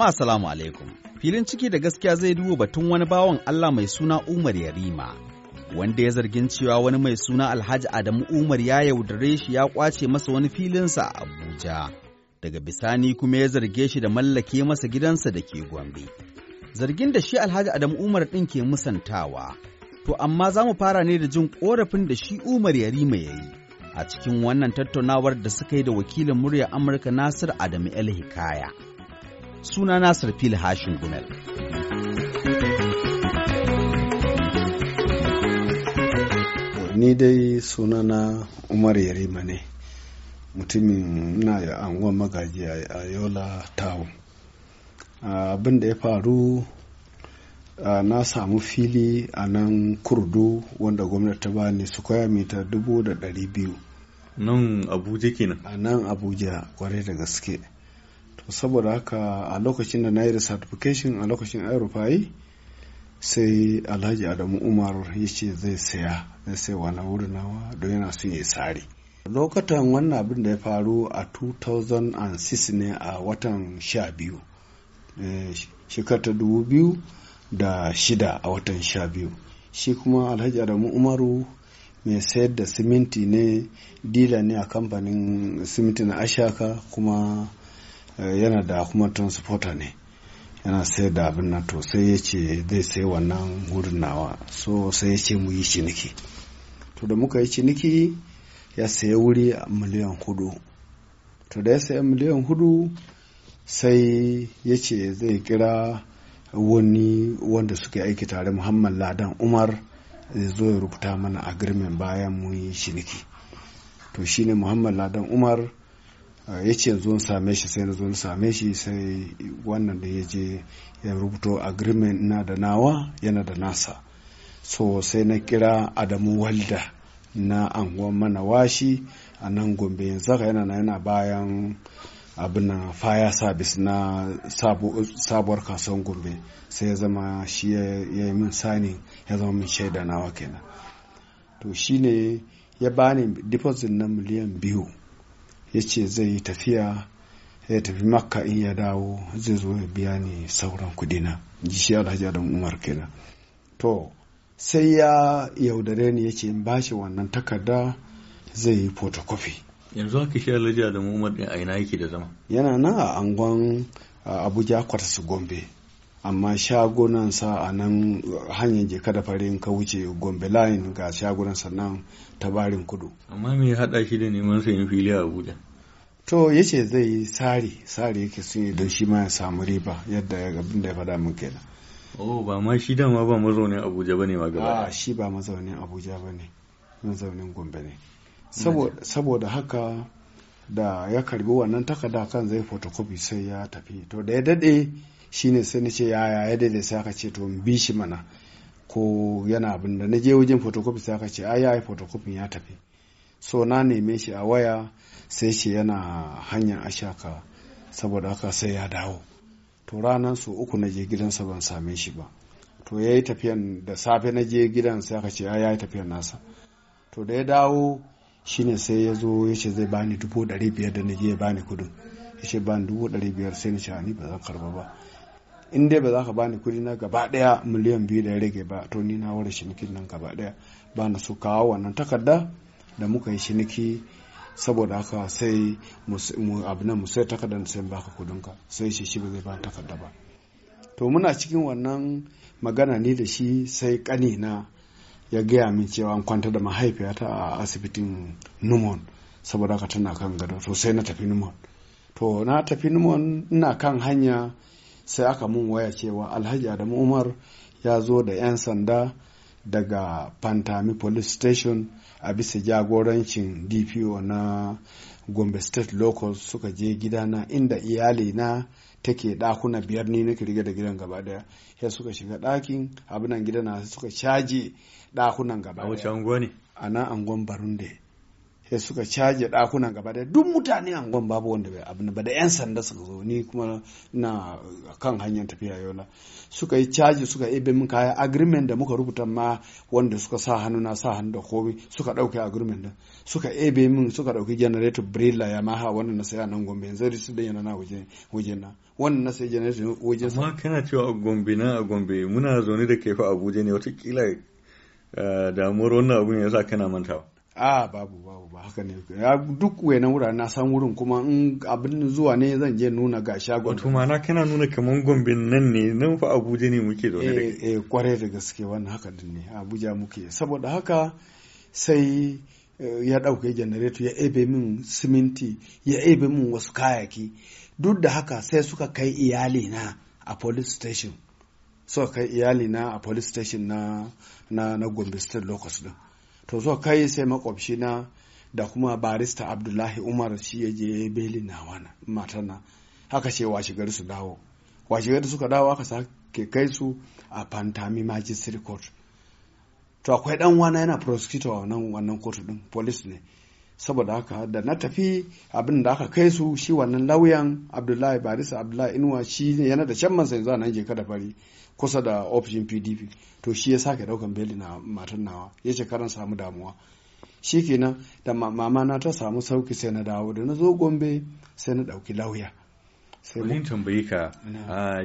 Jama'a assalamu alaikum. Filin ciki da gaskiya zai duba batun wani bawan Allah mai suna Umar Yarima. Wanda ya zargin cewa wani mai suna Alhaji Adamu Umar ya yaudare shi ya kwace masa wani filinsa a Abuja. Daga bisani kuma ya zarge shi da mallake masa gidansa da ke Gombe. Zargin da shi Alhaji Adamu Umar ɗin ke musantawa. To amma za mu fara ne da jin korafin da shi Umar Yarima ya yi. A cikin wannan tattaunawar da suka yi da wakilin murya Amurka Nasir Adamu El Hikaya. suna Nasir Fil Hashin Gumel. ni dai sunana umar yarima ne mutumin na anguwan magaji a yola Tawo. abin da ya faru na samu fili a nan kurdu wanda gwamnati ta bani su kwaya mita dubu da dari biyu nan abuja kenan nan abuja kwarai da gaske saboda haka a lokacin da na yi certification a lokacin aerofayi sai alhaji adamu umar ya ce zai saya zai sai wani wurin nawa don yana son ya sare lokacin wannan abin da ya faru a 2006 ne a watan 12 eh, shekar da shida a watan 12 shi kuma alhaji adamu umaru mai sayar da siminti ne dila ne a kamfanin siminti na ashaka kuma Eh, yana da kuma transporter ne yana sai da abin nan to sai ya ce zai sai wannan wurin nawa so sai ya ce mu yi ciniki to da muka yi ciniki ya sayi wuri a miliyan hudu to da ya sayi miliyan hudu sai ya ce zai kira wani wanda suke aiki tare muhammad ladan umar zai zo ya rubuta mana agreement bayan mu yi ciniki to shine muhammad ladan umar ya ce zo same shi sai na zo same shi sai wannan da ya je ya rubuto agreement na da nawa yana da nasa so sai na kira adamu walda na anguwan washi a nan gombe yanzu yana yana bayan abin fire service na sabuwar kasuwan gombe sai ya zama shi ya yi min sani ya zama min shaida nawa kenan to shine ya bani deposit na miliyan biyu ya ce zai yi tafiya ya tafi makka in ya dawo zai zo ya biya ni sauran kudina ji shi alhaji adam umar kenan to sai ya yaudare ni ya ce in ba shi wannan takarda zai yi photocopy yanzu haka shi alhaji adam umar din a ina yake da zama yana nan a angon abuja kwatsa gombe amma sa a nan hanyar je da farin ka wuce gombe line ga shagunansa nan ta barin kudu amma me ya hada shi da neman sayan fili a abuja to ya ce zai yi tsari tsari yake sun yi don shi ma ya samu riba yadda gabin da ya faɗa min kenan oh ba ma shi dama ba mazaunin abuja bane ma gaba a ah, shi ba mazaunin abuja bane mazaunin gombe ne saboda haka da ya karbi wannan takarda kan zai photocopy sai ya tafi to da ya dade shine sai na ce yaya ya daidai sai aka ce to bi shi mana ko yana abin da na je wajen photocopy sai aka ce ai yayi photocopy ya tafi so na neme shi a waya sai ce yana hanyar ashaka saboda haka sai ya dawo to ranar su uku na je gidansa ban same shi ba to ya yi tafiyan da safe na je gidan sai aka ce ya yi tafiyan nasa to da ya dawo shine sai ya zo ya ce zai bani dubu ɗari biyar da na je ya bani kudin ya ce bani dubu ɗari biyar sai na ce ni ba zan karba ba in dai ba za ka bani kuɗi na gaba ɗaya miliyan biyu da ya rage ba to ni na wara cinikin nan gaba ɗaya ba na so kawo wannan takarda da muka yi shiniki saboda haka sai mu abu nan mu sai takarda takardar sai baka kudinka sai shi shi ba zai ba takarda ba to muna cikin wannan magana ni da shi sai kanina ya gaya min cewa an kwanta da mahaifiyata a asibitin numon saboda haka tana kan gado to sai na tafi numon to na tafi numon ina kan hanya sai aka mun waya cewa alhaji adamu umar ya zo da 'yan sanda daga pantami police station a bisa jagorancin dpo na gombe state local suka je gidana inda iyalina na take dakuna biyar ne nake riga da gidan gaba daya ya suka shiga dakin abinan gida na suka caje dakunan gaba a wace ne a nan angon barunde sai suka caje dakunan gaba da duk mutane gwan babu wanda bai abin ba da yan sanda suka zo ni kuma na kan hanyar tafiya yau na suka yi caji suka ebe min kaya agreement da muka rubuta ma wanda suka sa hannu na sa hannu da komai suka dauke agreement din suka ebe min suka dauki generator brilla ya ha wannan na saya nan gombe yanzu su da yana na waje waje na wannan na sai generator waje sa amma kana cewa a gombe na a gombe muna zaune da kai fa abuja ne kila eh, damuwar wannan abun ya sa kana mantawa a babu babu ba haka ne ya duk wayanan wuraren na san wurin kuma in abin zuwa ne zan je nuna ga shagon wato na kana nuna kaman gombe nan ne nan fa abuja ne muke da wani eh, eh kware da gaske wannan haka din ne abuja muke saboda haka sai eh, ya ɗauke janareto ya ebe min siminti ya ebe min wasu kayaki duk da haka sai suka kai iyali na a police station suka kai iyali na a police station na na, na gombe state locus din to so kai sai makwabci na da kuma barista abdullahi umar shi ya je beli na wana matar na haka ce washe gari su dawo washe gari suka dawo aka sake kai su a pantami magistrate court to akwai dan wana yana prosecutor wannan wannan kotu din police ne saboda haka da na tafi abin da aka kai su shi wannan lauyan abdullahi Barista abdullahi inuwa shi ne yana da shan mansa yanzu a nan je kada fari kusa da ofishin pdp to shi ya sake daukan beli na matan nawa ya ce karan samu damuwa shi kenan da mama na ta samu sauki sai na dawo da na zo gombe sai na dauki lauya sai wani tambayi ka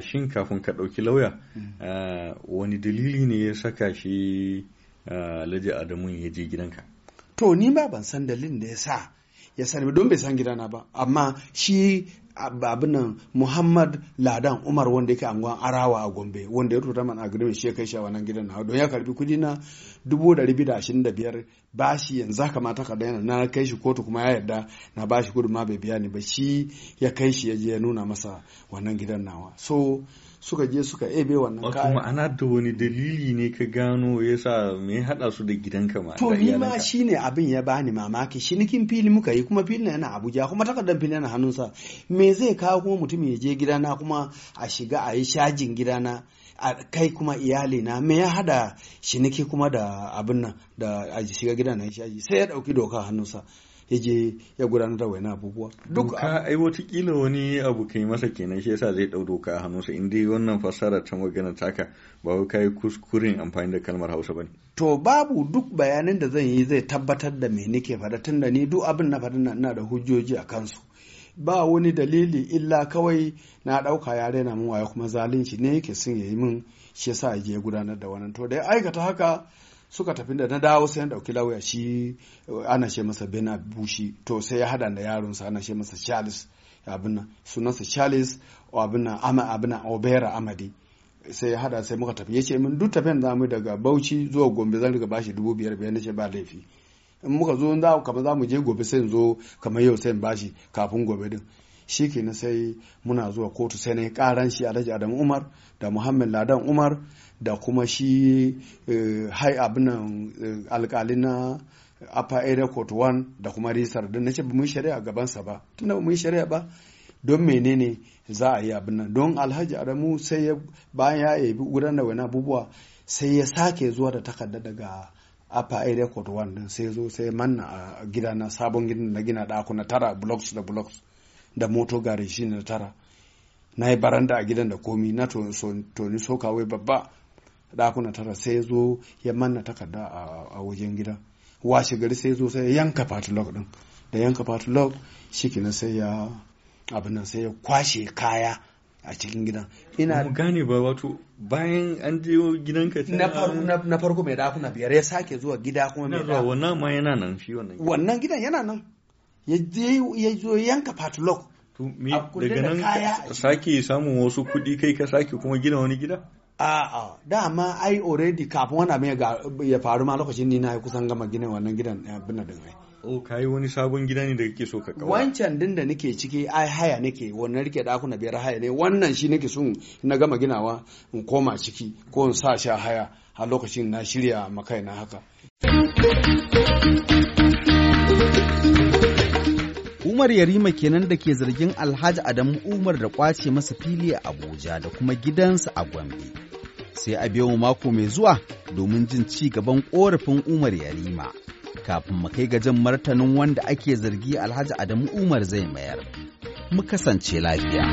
shin kafin ka dauki lauya mm. wani dalili ne ya saka shi laji adamu ya je gidanka to ni ma ban san dalilin da ya sa ya sani don bai san gidana ba amma shi nan muhammad ladan umar wanda yake anguwan arawa a gombe wanda ya rubuta man agreement shi ya kai shi a wannan gidan na don ya karbi kudi na dubu da ribi da ashirin da biyar bashi yanzu haka mata ka daina na kai shi kotu kuma ya yarda na bashi gudu ma bai biya ni ba shi ya kai shi ya je ya nuna masa wannan gidan nawa so suka je suka ebe wannan kayan. Wato ma'ana da wani dalili ne ka gano ya sa me haɗa su da gidan ma. To ni ma shi ne abin ya bani mamaki shi nikin fili muka yi kuma filin yana Abuja kuma takardar filin yana hannunsa. Me me zai kawo kuma mutum ya je gidana kuma a shiga a yi shajin gidana a kai kuma iyali na me ya hada shiniki kuma da abin nan da a shiga gidana ya shaji sai ya dauki doka hannunsa ya je ya gudanar da wani abubuwa duk ai kila wani abu kai masa kenan shi yasa zai dau doka hannunsa in dai wannan fassara ta magana taka ba wai kai kuskuren amfani da kalmar Hausa bane to babu duk bayanan da zan yi zai tabbatar da me nake faɗa tunda ni duk abin na faɗa ina da hujjoji a kansu ba wani dalili illa kawai na ɗauka ya raina min waye kuma zalunci ne yake sun yi min shi yasa ya je gudanar da wannan to da ya aikata haka suka tafi da na dawo sai na ɗauki lauya shi eh, ana ce masa bena bushi to sai ya hada da sa ana ce masa charles abin nan sunansa charles abin nan abin nan obera amadi sai ya hada sai muka tafi ya ce min duk tafiyan zamu daga bauchi zuwa gombe zan riga bashi dubu biyar biyar na ce ba laifi in muka zo za kamar za mu je gobe sai zo kamar yau sai bashi kafin gobe din shi kenan sai muna zuwa kotu sai na yi karan shi alhaji Adam umar da muhammad ladan umar da kuma shi eh, hai abinan eh, alkali na upper area court 1 da kuma risar din na ce ba mun shari'a gabansa ba tun da mun shari'a ba don menene za a yi abin nan don alhaji adamu sai ya bayan ya yi gudanar da wani abubuwa sai ya sake zuwa da takarda daga apa area code 1 din sai zo sai manna a gida na sabon gidan na gina ɗakuna tara blocks da blocks da moto gari shi na tara na yi baranda a gidan da komi na toni wai babba ɗakuna tara sai zo ya manna takarda a wajen gida washe gari sai zo sai yanka log din da yanka fatilog shi sai ya abin nan sai ya kwashe kaya a cikin gidan ina mu gane ba wato bayan an je gidanka na farko na farko mai dakuna biyar ya sake zuwa gida kuma mai dakuna wannan ma yana nan shi wannan wannan gidan yana nan ya je ya zo yanka patlock daga nan sake samun wasu kuɗi kai ka sake kuma gina wani gida a'a dama ai already kafin wani abin ya faru ma lokacin ni na kusan gama gina wannan gidan abin da dangane. oh wani sabon gida ne da kake so ka kawo wancan din da nake ciki ai haya nake wannan rike dakuna biyar haya ne wannan shi nake so na gama ginawa in koma ciki ko in sa sha haya a lokacin na shirya makai na haka Umar Yarima kenan da ke zargin Alhaji Adamu Umar da kwace masa fili a Abuja da kuma gidansa a Gombe. Sai a biyo mako mai zuwa domin jin ci gaban korafin Umar Yarima. kafin mu kai gajin martanin wanda ake zargi alhaji adamu umar zai mayar mu kasance lafiya